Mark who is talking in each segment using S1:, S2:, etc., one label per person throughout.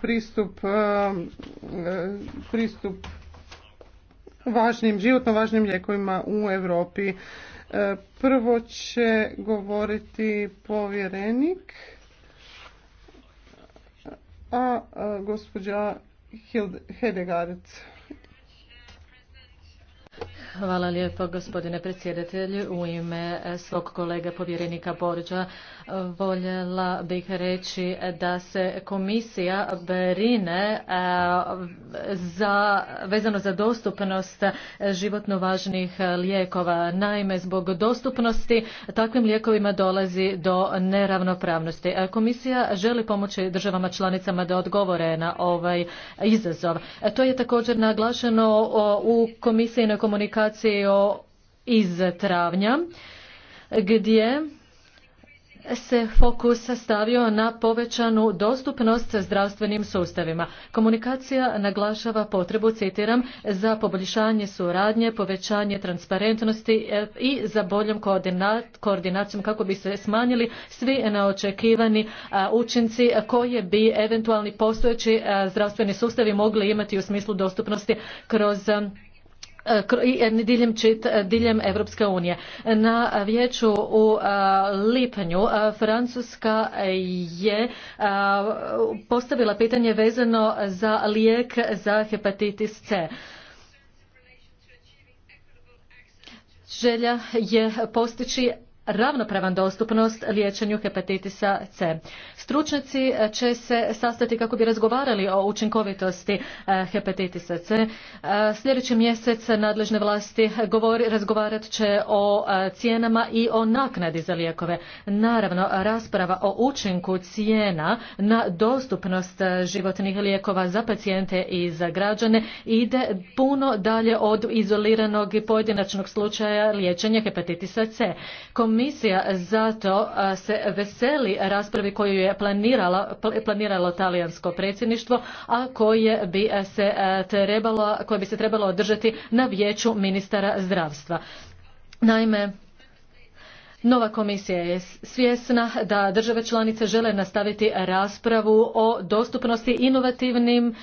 S1: pristup, e, e, pristup važnim, životno važnim lijekovima u Europi. E, prvo će govoriti povjerenik, a gospođa Hildegard.
S2: Hvala lijepo gospodine predsjedatelju. U ime svog kolega povjerenika Borđa voljela bih reći da se komisija brine e, za, vezano za dostupnost životno važnih lijekova. Naime, zbog dostupnosti takvim lijekovima dolazi do neravnopravnosti. E, komisija želi pomoći državama članicama da odgovore na ovaj izazov. E, to je također naglašeno u komisijinoj komunikaciji o, iz travnja gdje se fokus stavio na povećanu dostupnost zdravstvenim sustavima. Komunikacija naglašava potrebu, citiram, za poboljšanje suradnje, povećanje transparentnosti e, i za boljom koordinacijom kako bi se smanjili svi neočekivani e, učinci koje bi eventualni postojeći e, zdravstveni sustavi mogli imati u smislu dostupnosti kroz E, e, diljem, čit, e, diljem Evropske unije. Na vijeću u lipnju Francuska je postavila pitanje vezano za lijek za hepatitis C. Želja je postići ravnopravan dostupnost liječenju hepatitisa C. Stručnjaci e, će se sastati kako bi razgovarali o učinkovitosti e, hepatitisa C. E, sljedeći mjesec nadležne vlasti razgovarat će o cijenama i o naknadi za lijekove. Naravno, rasprava o učinku cijena na dostupnost životnih lijekova za pacijente i za građane ide puno dalje od izoliranog i pojedinačnog slučaja liječenja hepatitisa C. Kom Komisija zato se veseli raspravi koju je planiralo talijansko predsjedništvo, a koje bi se trebalo, koje bi se trebalo održati na vijeću ministara zdravstva. Naime, Nova komisija je svjesna da države članice žele nastaviti raspravu o dostupnosti inovativnim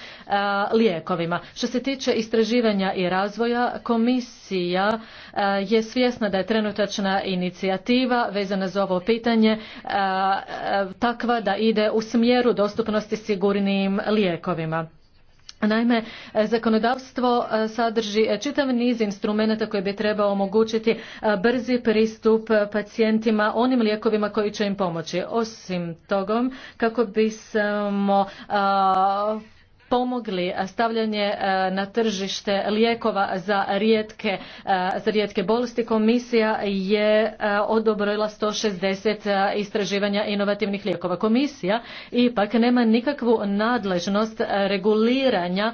S2: lijekovima. Što se tiče istraživanja i razvoja, komisija je svjesna da je trenutačna inicijativa vezana za ovo pitanje takva da ide u smjeru dostupnosti sigurnijim lijekovima. Naime, zakonodavstvo e, sadrži e, čitav niz instrumenata koji bi trebao omogućiti e, brzi pristup pacijentima onim lijekovima koji će im pomoći. Osim togom kako bismo pomogli stavljanje na tržište lijekova za rijetke, rijetke bolesti komisija je odobrila 160 istraživanja inovativnih lijekova. Komisija ipak nema nikakvu nadležnost reguliranja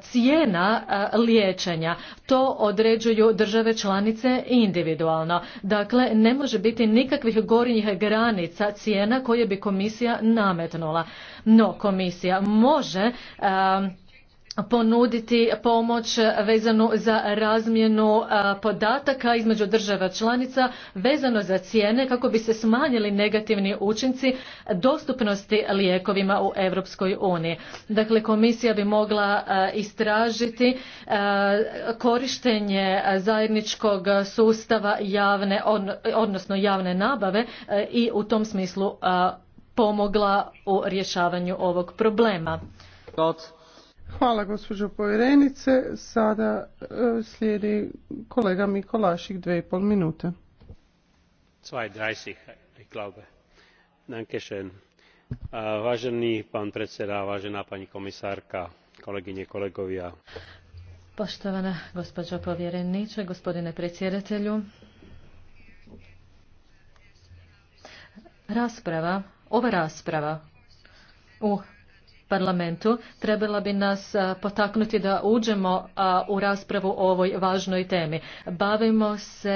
S2: cijena liječenja. To određuju države članice individualno. Dakle, ne može biti nikakvih gornjih granica cijena koje bi komisija nametnula. No, komisija može ponuditi pomoć vezanu za razmjenu e, podataka između država članica vezano za cijene kako bi se smanjili negativni učinci dostupnosti lijekovima u Europskoj uniji. Dakle, komisija bi mogla e, istražiti e, korištenje zajedničkog sustava javne, odnosno javne nabave i u tom smislu pomogla u rješavanju ovog problema.
S1: Hvala gospođo povjerenice. Sada e, slijedi kolega Mikolašik, dve i pol minute. 2.30, glaube. Dankeschön. Vážený pán predseda, vážená pani komisarka kolegyne, kolegovia.
S2: Poštovana gospođo povjerenice gospodine predsjedatelju, rasprava, ova rasprava u parlamentu trebala bi nas potaknuti da uđemo u raspravu o ovoj važnoj temi. Bavimo se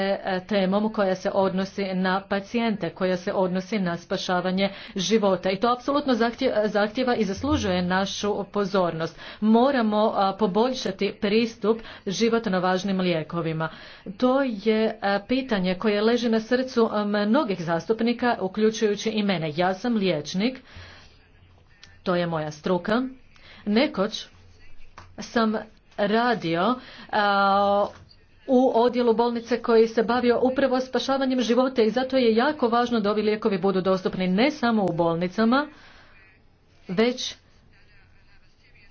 S2: temom koja se odnosi na pacijente, koja se odnosi na spašavanje života. I to apsolutno zahtjeva i zaslužuje našu pozornost. Moramo poboljšati pristup životno važnim lijekovima. To je pitanje koje leži na srcu mnogih zastupnika, uključujući i mene. Ja sam liječnik to je moja struka. Nekoć sam radio u odjelu bolnice koji se bavio upravo spašavanjem života i zato je jako važno da ovi lijekovi budu dostupni ne samo u bolnicama, već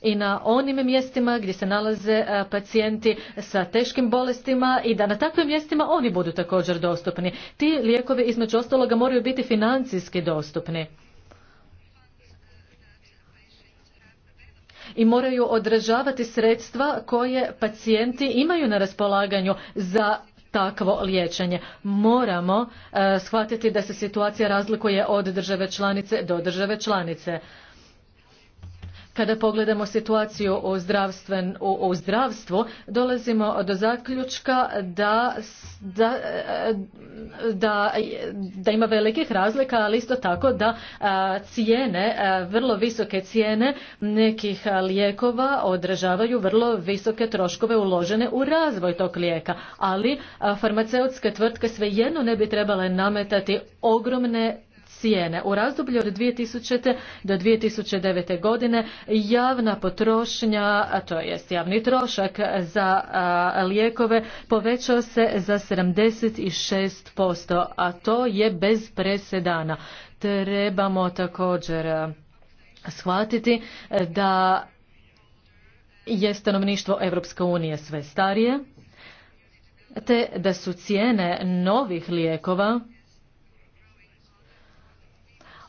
S2: i na onim mjestima gdje se nalaze pacijenti sa teškim bolestima i da na takvim mjestima oni budu također dostupni. Ti lijekovi između ostaloga moraju biti financijski dostupni. i moraju odražavati sredstva koje pacijenti imaju na raspolaganju za takvo liječenje. Moramo eh, shvatiti da se situacija razlikuje od države članice do države članice. Kada pogledamo situaciju u, zdravstven, u, zdravstvu, dolazimo do zaključka da, e, da, da, ima velikih razlika, ali isto tako da cijene, vrlo visoke cijene nekih lijekova odražavaju vrlo visoke troškove uložene u razvoj tog lijeka, ali farmaceutske tvrtke svejedno ne bi trebale nametati ogromne cijene. U razdoblju od 2000. do 2009. godine javna potrošnja, to jest javni trošak za lijekove povećao se za 76%, a to je bez presedana. Trebamo također shvatiti e, da je stanovništvo Europske unije sve starije, te da su cijene novih lijekova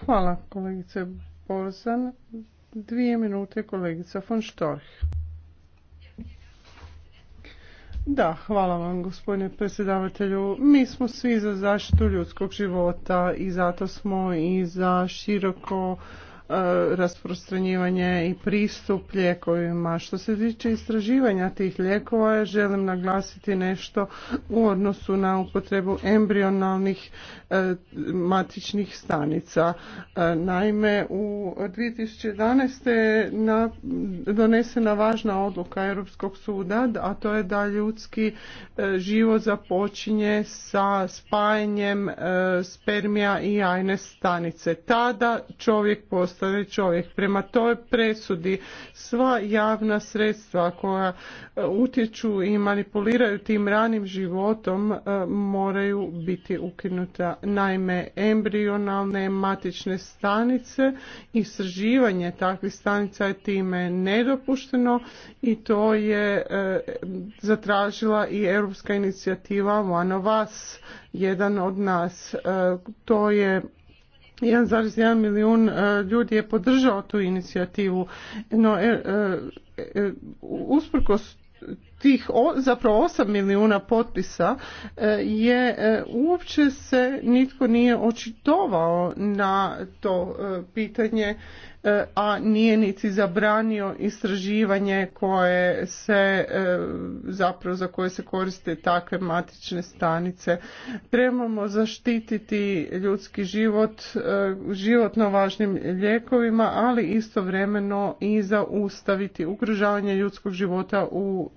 S1: Hvala kolegice Borzan. Dvije minute kolegica von Storch. Da, hvala vam gospodine predsjedavatelju. Mi smo svi za zaštitu ljudskog života i zato smo i za široko E, rasprostranjivanje i pristup lijekovima. Što se tiče istraživanja tih lijekova, želim naglasiti nešto u odnosu na upotrebu embrionalnih e, matičnih stanica. E, naime, u 2011. je donesena važna odluka Europskog suda, a to je da ljudski život započinje sa spajanjem spermija i jajne stanice. Tada čovjek postaje postoji čovjek. Prema toj presudi sva javna sredstva koja e, utječu i manipuliraju tim ranim životom e, moraju biti ukinuta. Naime, embrionalne matične stanice i srživanje takvih stanica je time nedopušteno i to je e, zatražila i europska inicijativa One of Us, jedan od nas. To je 1,1 milijun e, ljudi je podržao tu inicijativu, no e, e, usprkos tih o, zapravo 8 milijuna potpisa e, je e, uopće se nitko nije očitovao na to e, pitanje a nije niti zabranio istraživanje koje se zapravo za koje se koriste takve matične stanice. Trebamo zaštititi ljudski život životno važnim lijekovima, ali istovremeno i zaustaviti ugrožavanje ljudskog života u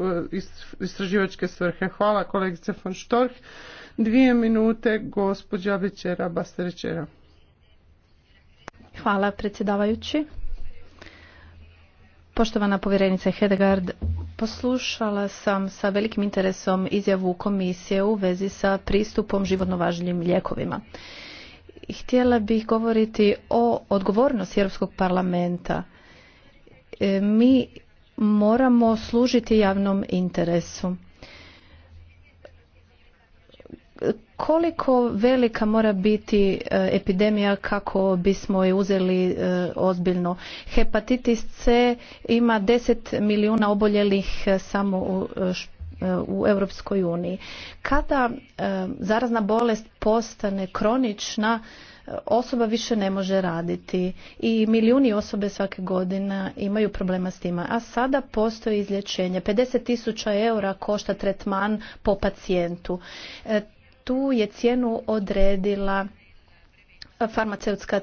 S1: istraživačke svrhe. Hvala kolegice von Storch. Dvije minute, gospođa Večera
S3: Basterečera. Hvala predsjedavajući. Poštovana povjerenica Hedegard, poslušala sam sa velikim interesom izjavu komisije u vezi sa pristupom životno važnim lijekovima. Htjela bih govoriti o odgovornosti Europskog parlamenta. E, mi moramo služiti javnom interesu. Koliko velika mora biti e, epidemija kako bismo je uzeli e, ozbiljno? Hepatitis C ima 10 milijuna oboljelih e, samo u u Europskoj uniji. Kada zarazna bolest postane kronična, osoba više ne može raditi i milijuni osobe svake godine imaju problema s tima. A sada postoji izlječenje. 50 tisuća eura košta tretman po pacijentu. E, tu je cijenu odredila farmaceutska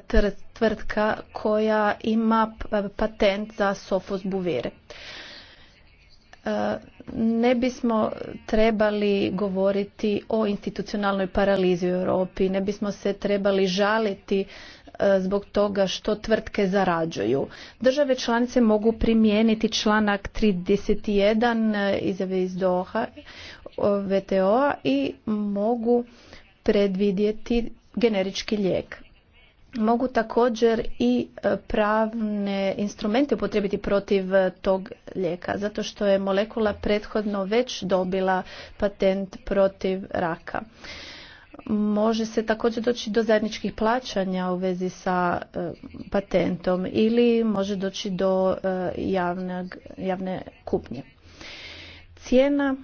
S3: tvrtka koja ima patent za sofos buvire. E, ne bismo trebali govoriti o institucionalnoj paralizi u Europi, ne bismo se trebali žaliti e, zbog toga što tvrtke zarađuju. Države članice mogu primijeniti članak 31 e, iz Doha VTO-a i mogu predvidjeti generički lijek mogu također i e, pravne instrumente upotrijebiti protiv e, tog lijeka, zato što je molekula prethodno već dobila patent protiv raka. Može se također doći do zajedničkih plaćanja u vezi sa e, patentom ili može doći do javne, javne kupnje. Cijena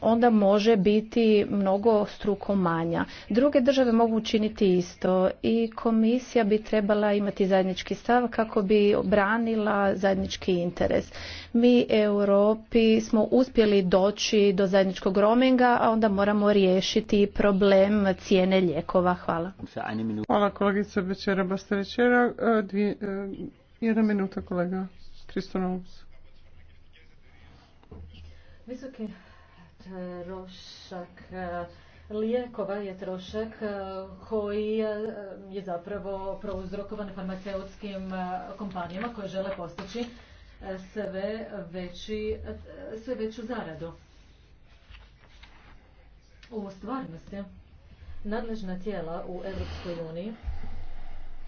S3: onda može biti mnogo struko manja. Druge države mogu učiniti isto i komisija bi trebala imati zajednički stav kako bi obranila zajednički interes. Mi Europi smo uspjeli doći do zajedničkog roaminga, a onda moramo riješiti problem cijene lijekova. Hvala.
S1: Hvala kolegica večera, Bastarećera. E, e, jedna minuta kolega. Kristonovs
S2: trošak eh, lijekova je trošak eh, koji eh, je zapravo prouzrokovan farmaceutskim kompanijama koje žele postići sve, veći, sve veću zaradu. U stvarnosti, nadležna tijela u Europskoj uniji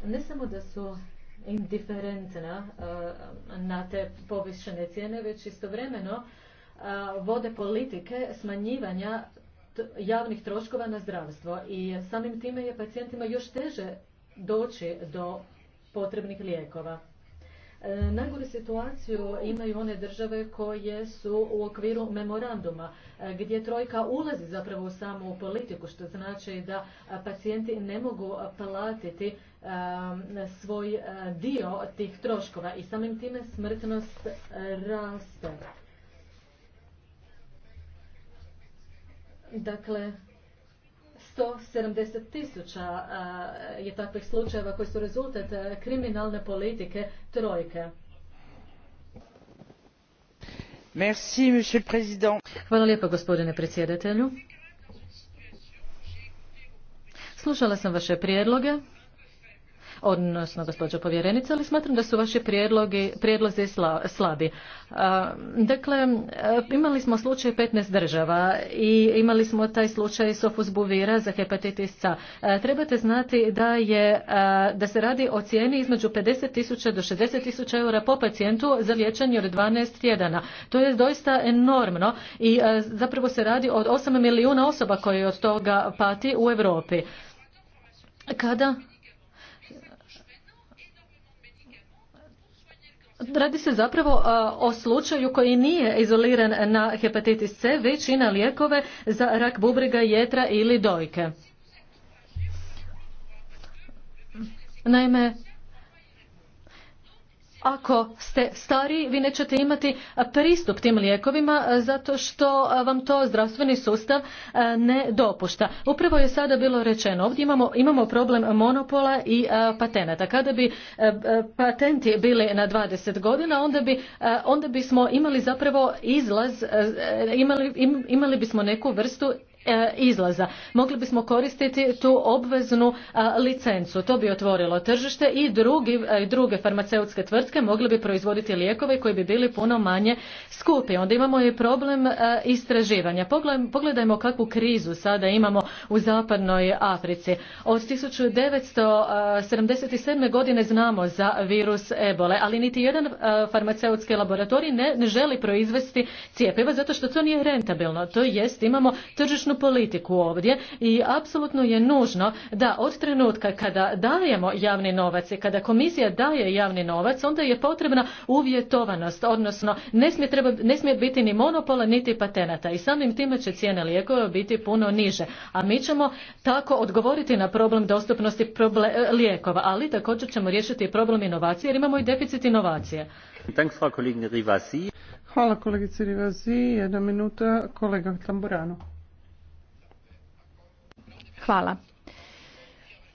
S2: ne samo da su indiferentna na te povišene cijene, već istovremeno vode politike smanjivanja javnih troškova na zdravstvo i samim time je pacijentima još teže doći do potrebnih lijekova. E, najgore situaciju imaju one države koje su u okviru memoranduma e, gdje trojka ulazi zapravo u samu politiku što znači da pacijenti ne mogu platiti e, svoj dio tih troškova i samim time smrtnost raste. Dakle, 170 tisuća je takvih slučajeva koji su rezultat kriminalne politike trojke.
S1: Merci, monsieur le président.
S2: Hvala lijepa gospodine predsjedatelju. Slušala sam vaše prijedloge odnosno gospođo povjerenice, ali smatram da su vaši prijedlozi slabi. Dakle, e, imali smo slučaj 15 država i imali smo taj slučaj buvira za hepatitis C. E, trebate znati da, je, e, da se radi o cijeni između tisuća do tisuća eura po pacijentu za liječenje od 12 tjedana. To je doista enormno i zapravo se radi od 8 milijuna osoba koje od toga pati u Europi. Kada Radi se zapravo o slučaju koji nije izoliran na hepatitis C, već i na lijekove za rak bubrega, jetra ili dojke. Naime, ako ste stariji vi nećete imati e, pristup tim lijekovima e, zato što e, vam to zdravstveni sustav ne dopušta. Upravo je sada bilo rečeno, ovdje imamo, imamo problem monopola i patenata. Kada bi patenti bili na 20 godina onda bi, onda bismo imali zapravo izlaz, imali, imali bismo neku vrstu E, izlaza. Mogli bismo koristiti tu obveznu e, licencu. To bi otvorilo tržište e, i druge farmaceutske tvrtke mogli bi proizvoditi lijekove koji bi bili puno manje skupi. Onda imamo i problem istraživanja. Pogledajmo kakvu krizu sada imamo u zapadnoj Africi. Od 1977. godine znamo za virus ebole, ali niti jedan farmaceutski laboratorij ne želi proizvesti cijepiva zato što to nije rentabilno. To jest imamo tržišnu politiku ovdje i apsolutno je nužno da od trenutka kada dajemo javni novac i kada komisija daje javni novac, onda je potrebna uvjetovanost, odnosno ne smije, ne smije biti ni monopola niti patenata i samim time će cijene lijekova biti puno niže. A mi ćemo tako odgovoriti na problem dostupnosti lijekova, ali također ćemo riješiti problem inovacije jer imamo i deficit
S1: inovacije. Hvala kolegice Rivasi. Jedna minuta kolega Tamburano.
S3: Hvala.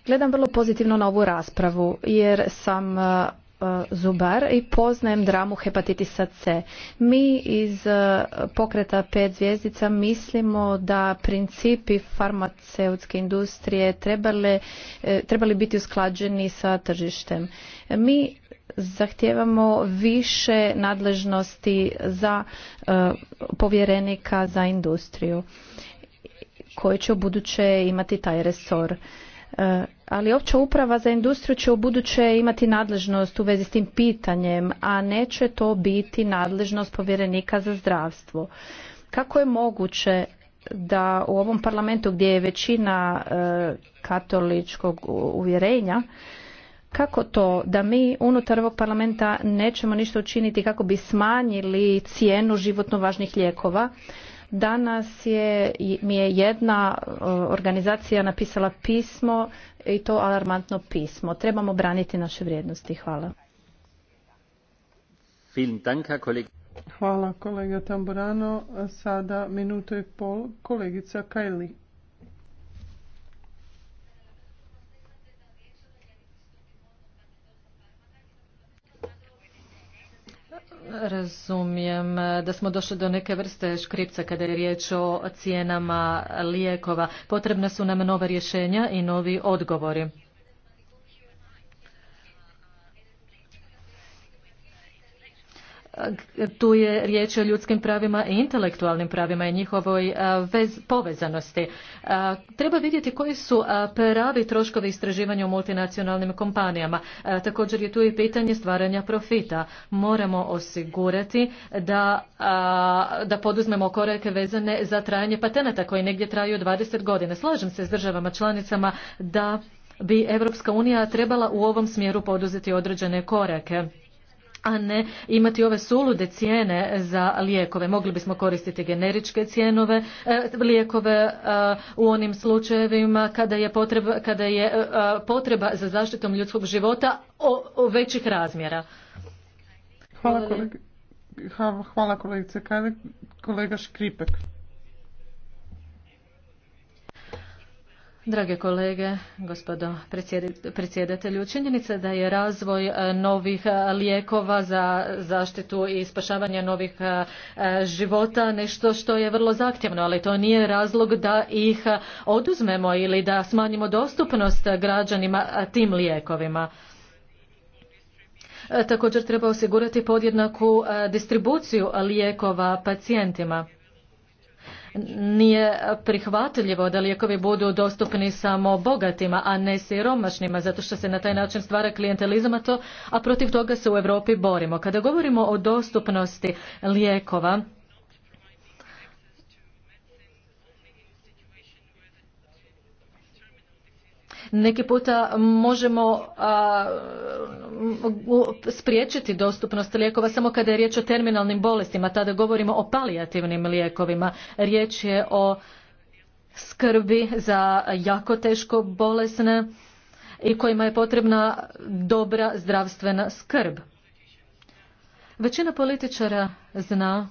S3: Gledam vrlo pozitivno na ovu raspravu jer sam e, zubar i poznajem dramu hepatitisa C. Mi iz e, pokreta pet zvijezdica mislimo da principi farmaceutske industrije trebali, e, trebali biti usklađeni sa tržištem. Mi zahtijevamo više nadležnosti za povjerenika za industriju koji će u buduće imati taj resor. E, ali opća uprava za industriju će u buduće imati nadležnost u vezi s tim pitanjem, a neće to biti nadležnost povjerenika za zdravstvo. Kako je moguće da u ovom parlamentu gdje je većina e, katoličkog uvjerenja, kako to da mi unutar ovog parlamenta nećemo ništa učiniti kako bi smanjili cijenu životno važnih lijekova, Danas je, mi je jedna e, organizacija napisala pismo i to alarmantno pismo. Trebamo braniti naše vrijednosti. Hvala. Hvala kolega Tamburano. Sada
S1: minuto i pol kolegica Kajli.
S2: Razumijem eh, da smo došli do neke vrste škripca kada je riječ o cijenama lijekova. Potrebna su nam nova rješenja i novi odgovori. tu je riječ o ljudskim pravima i intelektualnim pravima i njihovoj povezanosti. Treba vidjeti koji su pravi troškovi istraživanja u multinacionalnim kompanijama. Također je tu i pitanje stvaranja profita. Moramo osigurati da, da poduzmemo korake vezane za trajanje patenata koji negdje traju 20 godina. Slažem se s državama članicama da bi Europska unija trebala u ovom smjeru poduzeti određene korake a ne imati ove sulude cijene za lijekove. Mogli bismo koristiti generičke cijenove e, lijekove e, u onim slučajevima kada je potreba, kada je e, potreba za zaštitom ljudskog života o, većih razmjera.
S1: Hvala, kolegice. Hvala kolegice Kolega Škripek.
S2: Drage kolege, gospodo predsjedatelju, činjenica da je razvoj e, novih e, lijekova za zaštitu i spašavanje novih e, života nešto što je vrlo zahtjevno, ali to nije razlog da ih oduzmemo ili da smanjimo dostupnost građanima tim lijekovima. Također treba osigurati podjednaku distribuciju lijekova pacijentima. Nije prihvatljivo da lijekovi budu dostupni samo bogatima, a ne siromašnima, zato što se na taj način stvara klijentelizam, a, a protiv toga se u Europi borimo. Kada govorimo o dostupnosti lijekova, Neki puta možemo spriječiti dostupnost lijekova samo kada je riječ o terminalnim bolestima, tada govorimo o palijativnim lijekovima. Riječ je o skrbi za jako teško bolesne i kojima je potrebna dobra zdravstvena skrb. Većina političara zna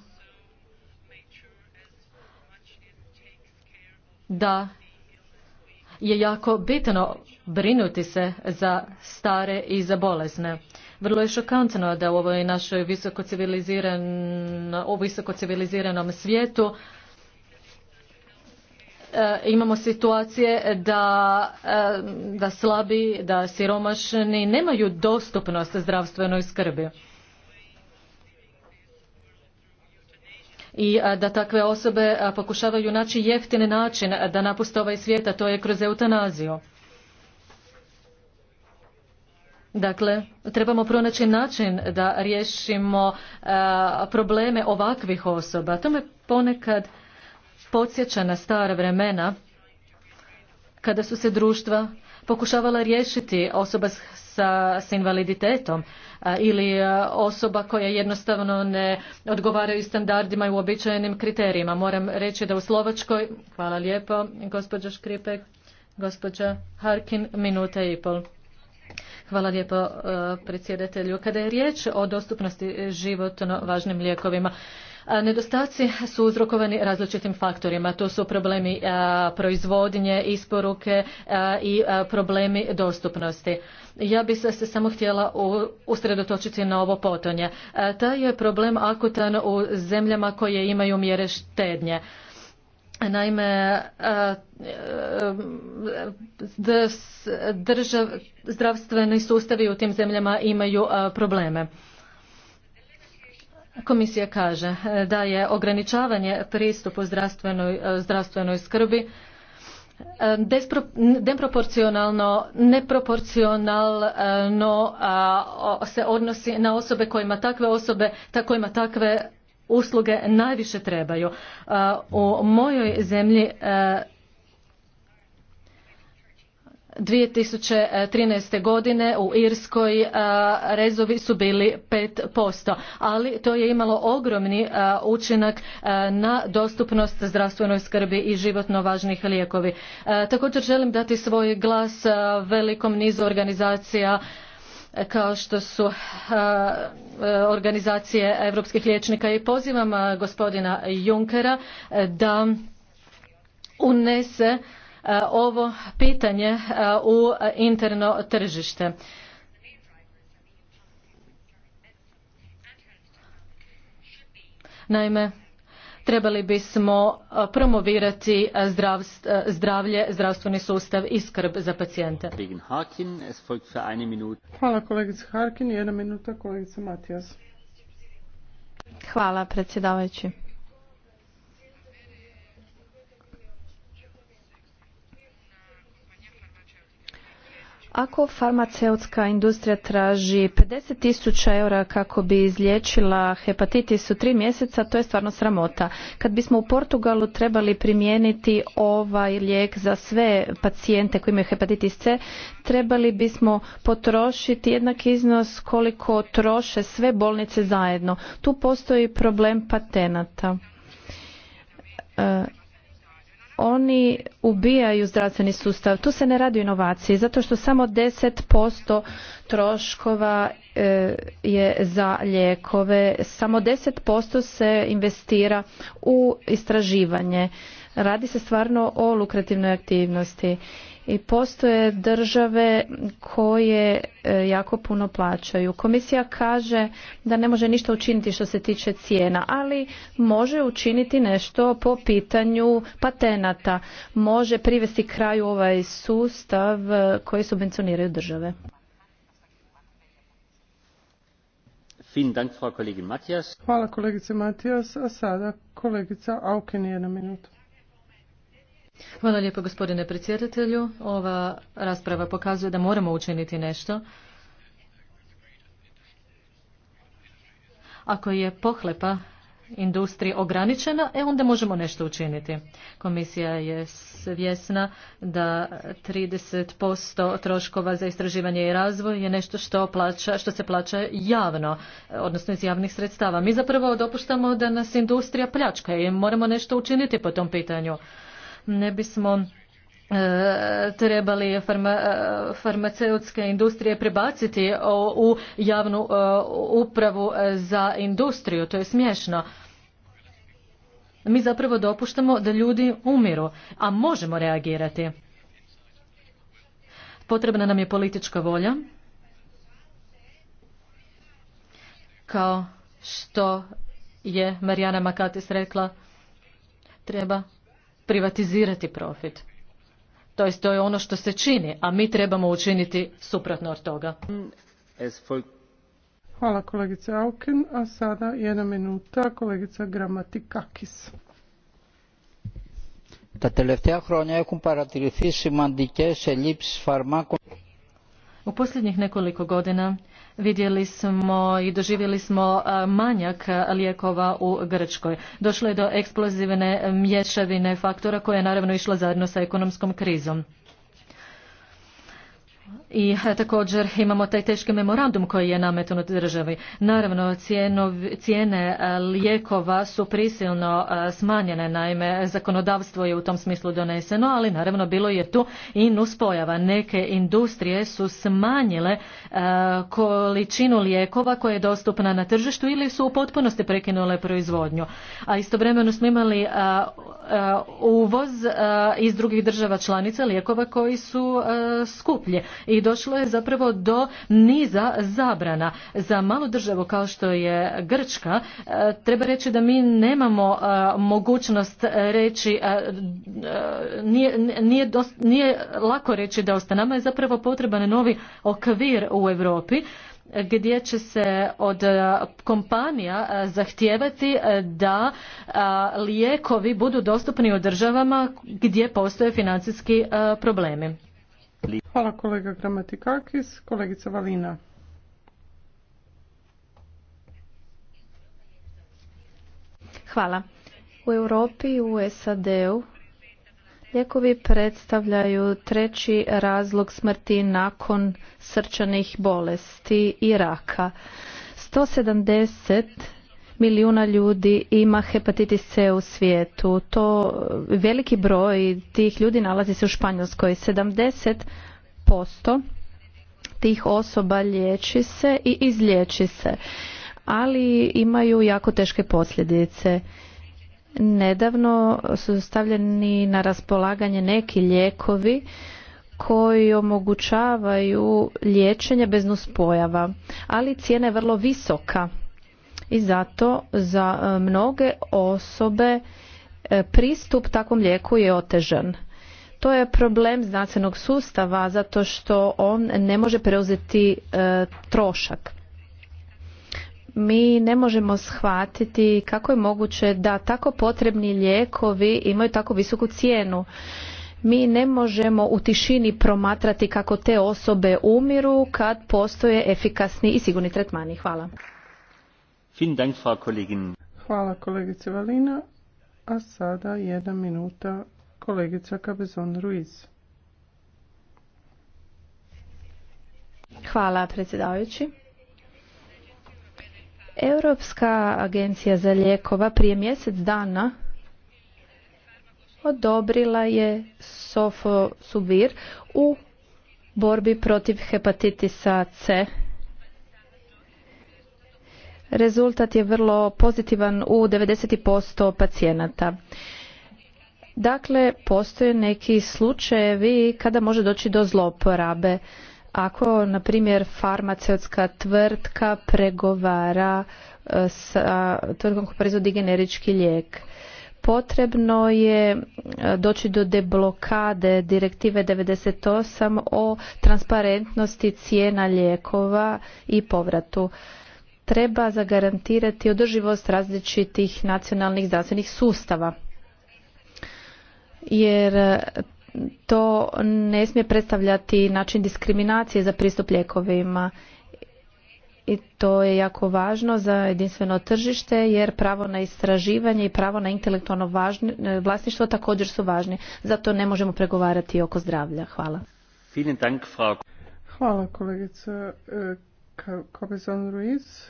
S2: da je jako bitno brinuti se za stare i za bolesne. Vrlo je šokantno da u ovoj našoj visoko u visoko civiliziranom svijetu e, imamo situacije da, e, da slabi, da siromašni nemaju dostupnost zdravstvenoj skrbi. i da takve osobe pokušavaju naći jeftin način da napuste ovaj svijet, a to je kroz eutanaziju. Dakle, trebamo pronaći način da riješimo probleme ovakvih osoba. To me ponekad podsjeća na stara vremena kada su se društva pokušavala riješiti osoba sa, s invaliditetom ili osoba koja jednostavno ne odgovaraju standardima i uobičajenim kriterijima. Moram reći da u Slovačkoj, hvala lijepo, gospođa Škripek, gospođa Harkin, minuta i pol. Hvala lijepo predsjedatelju. Kada je riječ o dostupnosti životno važnim lijekovima, Nedostaci su uzrokovani različitim faktorima. To su problemi proizvodnje, isporuke i problemi dostupnosti. Ja bih se samo htjela usredotočiti na ovo potonje. Taj je problem akutan u zemljama koje imaju mjere štednje. Naime, zdravstveni sustavi u tim zemljama imaju probleme. Komisija kaže e, da je ograničavanje pristupu zdravstvenoj, e, zdravstvenoj skrbi e, neproporcionalno neproporcionalno se odnosi na osobe kojima takve osobe kojima takve usluge najviše trebaju. U mojoj zemlji 2013. godine u Irskoj rezovi su bili 5%, ali to je imalo ogromni učinak na dostupnost zdravstvenoj skrbi i životno važnih lijekovi. Također želim dati svoj glas velikom nizu organizacija kao što su organizacije europskih liječnika i pozivam gospodina Junckera da unese Eh, ovo pitanje eh, u interno tržište. Naime, trebali bismo eh, promovirati zdravlje, zdravstveni sustav i skrb za pacijente.
S1: Hvala kolegice Harkin, jedna minuta kolegice
S3: Matijas. Hvala predsjedavajući. Ako farmaceutska industrija traži 50.000 eura kako bi izliječila hepatitis u tri mjeseca, to je stvarno sramota. Kad bismo u Portugalu trebali primijeniti ovaj lijek za sve pacijente koji imaju hepatitis C, trebali bismo potrošiti jednak iznos koliko troše sve bolnice zajedno. Tu postoji problem patenata. E, oni ubijaju zdravstveni sustav. Tu se ne radi o inovaciji, zato što samo 10% troškova e, je za lijekove, samo 10% se investira u istraživanje. Radi se stvarno o lukrativnoj aktivnosti i postoje države koje e, jako puno plaćaju. Komisija kaže da ne može ništa učiniti što se tiče cijena, ali može učiniti nešto po pitanju patenata. Može privesti kraju ovaj sustav e, koji subvencioniraju države.
S1: Hvala kolegice Matijas, a sada kolegica Auken na minutu. Hvala lijepo gospodine predsjedatelju. Ova
S2: rasprava pokazuje da moramo učiniti nešto. Ako je pohlepa industriji ograničena, e onda možemo nešto učiniti. Komisija je svjesna da 30% troškova za istraživanje i razvoj je nešto što, plaća, što se plaća javno, odnosno iz javnih sredstava. Mi zapravo dopuštamo da nas industrija pljačka i moramo nešto učiniti po tom pitanju ne bismo e, trebali e, farmaceutske industrije prebaciti u javnu e, upravu za industriju. To je smiješno. Mi zapravo dopuštamo da ljudi umiru, a možemo reagirati. Potrebna nam je politička volja, kao što je Marijana Makatis rekla, treba privatizirati profit. To jest to je ono što se čini, a mi trebamo učiniti suprotno od toga.
S1: Hvala kolegice Auken, a sada jedna minuta kolegica Gramatikakis.
S3: Ta τελευταία χρόνια έχουν
S2: U posljednjih nekoliko godina Vidjeli smo i doživjeli smo manjak lijekova u Grčkoj. Došlo je do eksplozivne mješavine faktora koja je naravno išla zajedno sa ekonomskom krizom i e, također imamo taj teški memorandum koji je od državi. Naravno, cijene e, lijekova su prisilno e, smanjene, naime, zakonodavstvo je u tom smislu doneseno, ali naravno bilo je tu i nuspojava. Neke industrije su smanjile količinu lijekova koja je dostupna na tržištu ili su u potpunosti prekinule proizvodnju. A istovremeno smo imali uvoz iz drugih država članica lijekova koji su skuplji i došlo je zapravo do niza zabrana. Za malu državu kao što je Grčka e, treba reći da mi nemamo e, mogućnost reći e, nije, nije, nije lako reći da osta nama je zapravo potreban novi okvir u Europi gdje će se od kompanija zahtijevati da lijekovi budu dostupni u državama gdje postoje financijski problemi. Hvala
S1: kolega Gramatikakis. Kolegica Valina.
S3: Hvala. U Europi i u SAD-u lijekovi predstavljaju treći razlog smrti nakon srčanih bolesti i raka. 170 milijuna ljudi ima hepatitis C u svijetu. To veliki broj tih ljudi nalazi se u Španjolskoj. 70% tih osoba liječi se i izliječi se, ali imaju jako teške posljedice. Nedavno su stavljeni na raspolaganje neki lijekovi koji omogućavaju liječenje bez nuspojava, ali cijena je vrlo visoka i zato za e, mnoge osobe e, pristup takvom lijeku je otežan. To je problem znanstvenog sustava zato što on ne može preuzeti e, trošak. Mi ne možemo shvatiti kako je moguće da tako potrebni lijekovi imaju tako visoku cijenu. Mi ne možemo u tišini promatrati kako te osobe umiru kad postoje efikasni i sigurni tretmani. Hvala. Hvala kolegice Valina. A
S1: sada jedna minuta kolegica Cabezon Ruiz.
S3: Hvala predsjedavajući. Europska agencija za lijekova prije mjesec dana odobrila je sofosubir u borbi protiv hepatitisa C rezultat je vrlo pozitivan u 90% pacijenata. Dakle, postoje neki slučajevi kada može doći do zloporabe. Ako, na primjer, farmaceutska tvrtka pregovara e, sa tvrtkom koja proizvodi generički lijek, potrebno je e, doći do deblokade direktive 98 o transparentnosti cijena lijekova i povratu treba zagarantirati održivost različitih nacionalnih zdravstvenih sustava jer e, to ne smije predstavljati način diskriminacije za pristup lijekovima i to je jako važno za jedinstveno tržište jer pravo na istraživanje i pravo na intelektualno e, vlasništvo također su važni. Zato ne možemo pregovarati oko zdravlja. Hvala. Hvala kolegica e,
S1: Cabezon Ruiz.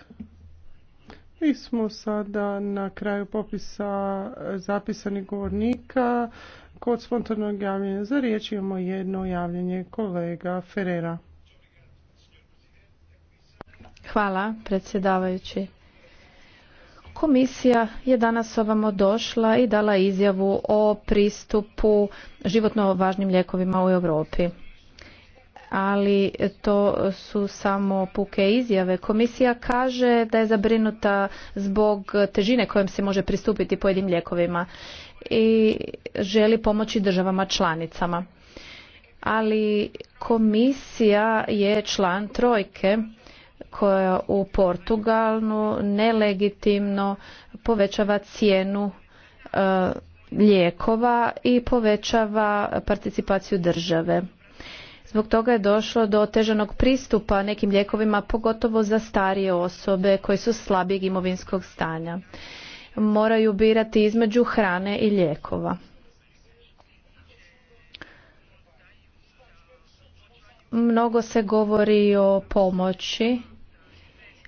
S1: Mi smo sada na kraju popisa zapisanih govornika. Kod spontanog javljanja za riječ imamo jedno javljanje kolega
S3: Ferrera. Hvala, predsjedavajući. Komisija je danas ovamo došla i dala izjavu o pristupu životno važnim lijekovima u Europi ali to su samo puke izjave. Komisija kaže da je zabrinuta zbog težine kojom se može pristupiti pojedim lijekovima i želi pomoći državama članicama. Ali komisija je član trojke koja u Portugalnu nelegitimno povećava cijenu ljekova lijekova i povećava participaciju države. Zbog toga je došlo do otežanog pristupa nekim lijekovima, pogotovo za starije osobe koje su slabijeg imovinskog stanja. Moraju birati između hrane i lijekova. Mnogo se govori o pomoći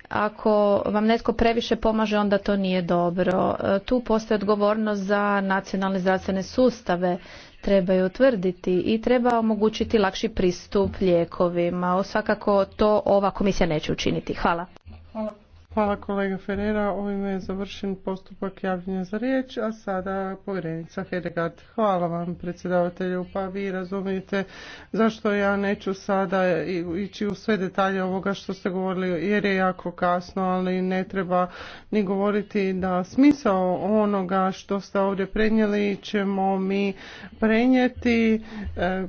S3: ako vam netko previše pomaže, onda to nije dobro. E, tu postoji odgovornost za nacionalne zdravstvene sustave. Treba je utvrditi i treba omogućiti lakši pristup lijekovima. Svakako to ova komisija neće učiniti. Hvala. Hvala.
S1: Hvala kolega Ferreira. Ovime je završen postupak javljanja za riječ, a sada povjerenica Hedegard. Hvala vam predsjedavatelju, pa vi razumijete zašto ja neću sada ići u sve detalje ovoga što ste govorili, jer je jako kasno, ali ne treba ni govoriti da smisao onoga što ste ovdje prenijeli ćemo mi prenijeti e,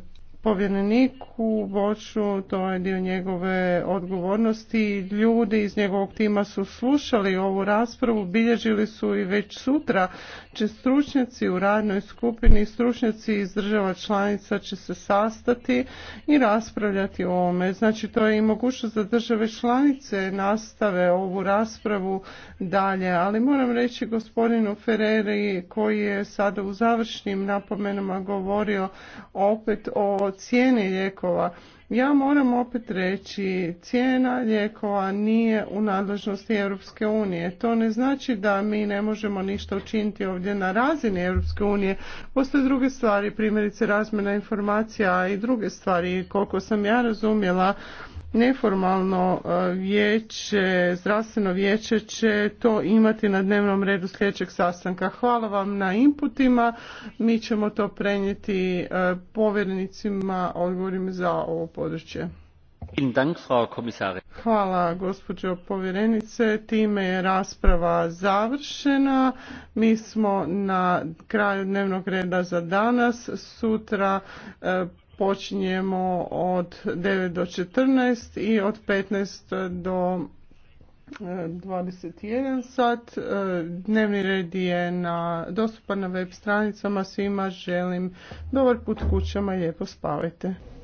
S1: povjereniku Boču, to je dio njegove odgovornosti. Ljudi iz njegovog tima su slušali ovu raspravu, bilježili su i već sutra će stručnjaci u radnoj skupini, stručnjaci iz država članica će se sastati i raspravljati o ovome. Znači to je i mogućnost da države članice nastave ovu raspravu dalje, ali moram reći gospodinu Ferreri koji je sada u završnim napomenama govorio opet o cijene lijekova. Ja moram opet reći, cijena lijekova nije u nadležnosti Europske unije. To ne znači da mi ne možemo ništa učiniti ovdje na razini Europske unije. Postoje druge stvari, primjerice razmjena informacija i druge stvari. Koliko sam ja razumjela, Neformalno e, vijeće, zdravstveno vijeće će to imati na dnevnom redu sljedećeg sastanka. Hvala vam na inputima. Mi ćemo to prenijeti e, povjerenicima odgovorim za ovo područje. Hvala gospođo povjerenice. Time je rasprava završena. Mi smo na kraju dnevnog reda za danas. Sutra e, počinjemo od 9 do 14 i od 15 do 21 eh, sat. Eh, dnevni red je na, dostupan na web stranicama. Svima želim dobar put kućama i lijepo spavajte.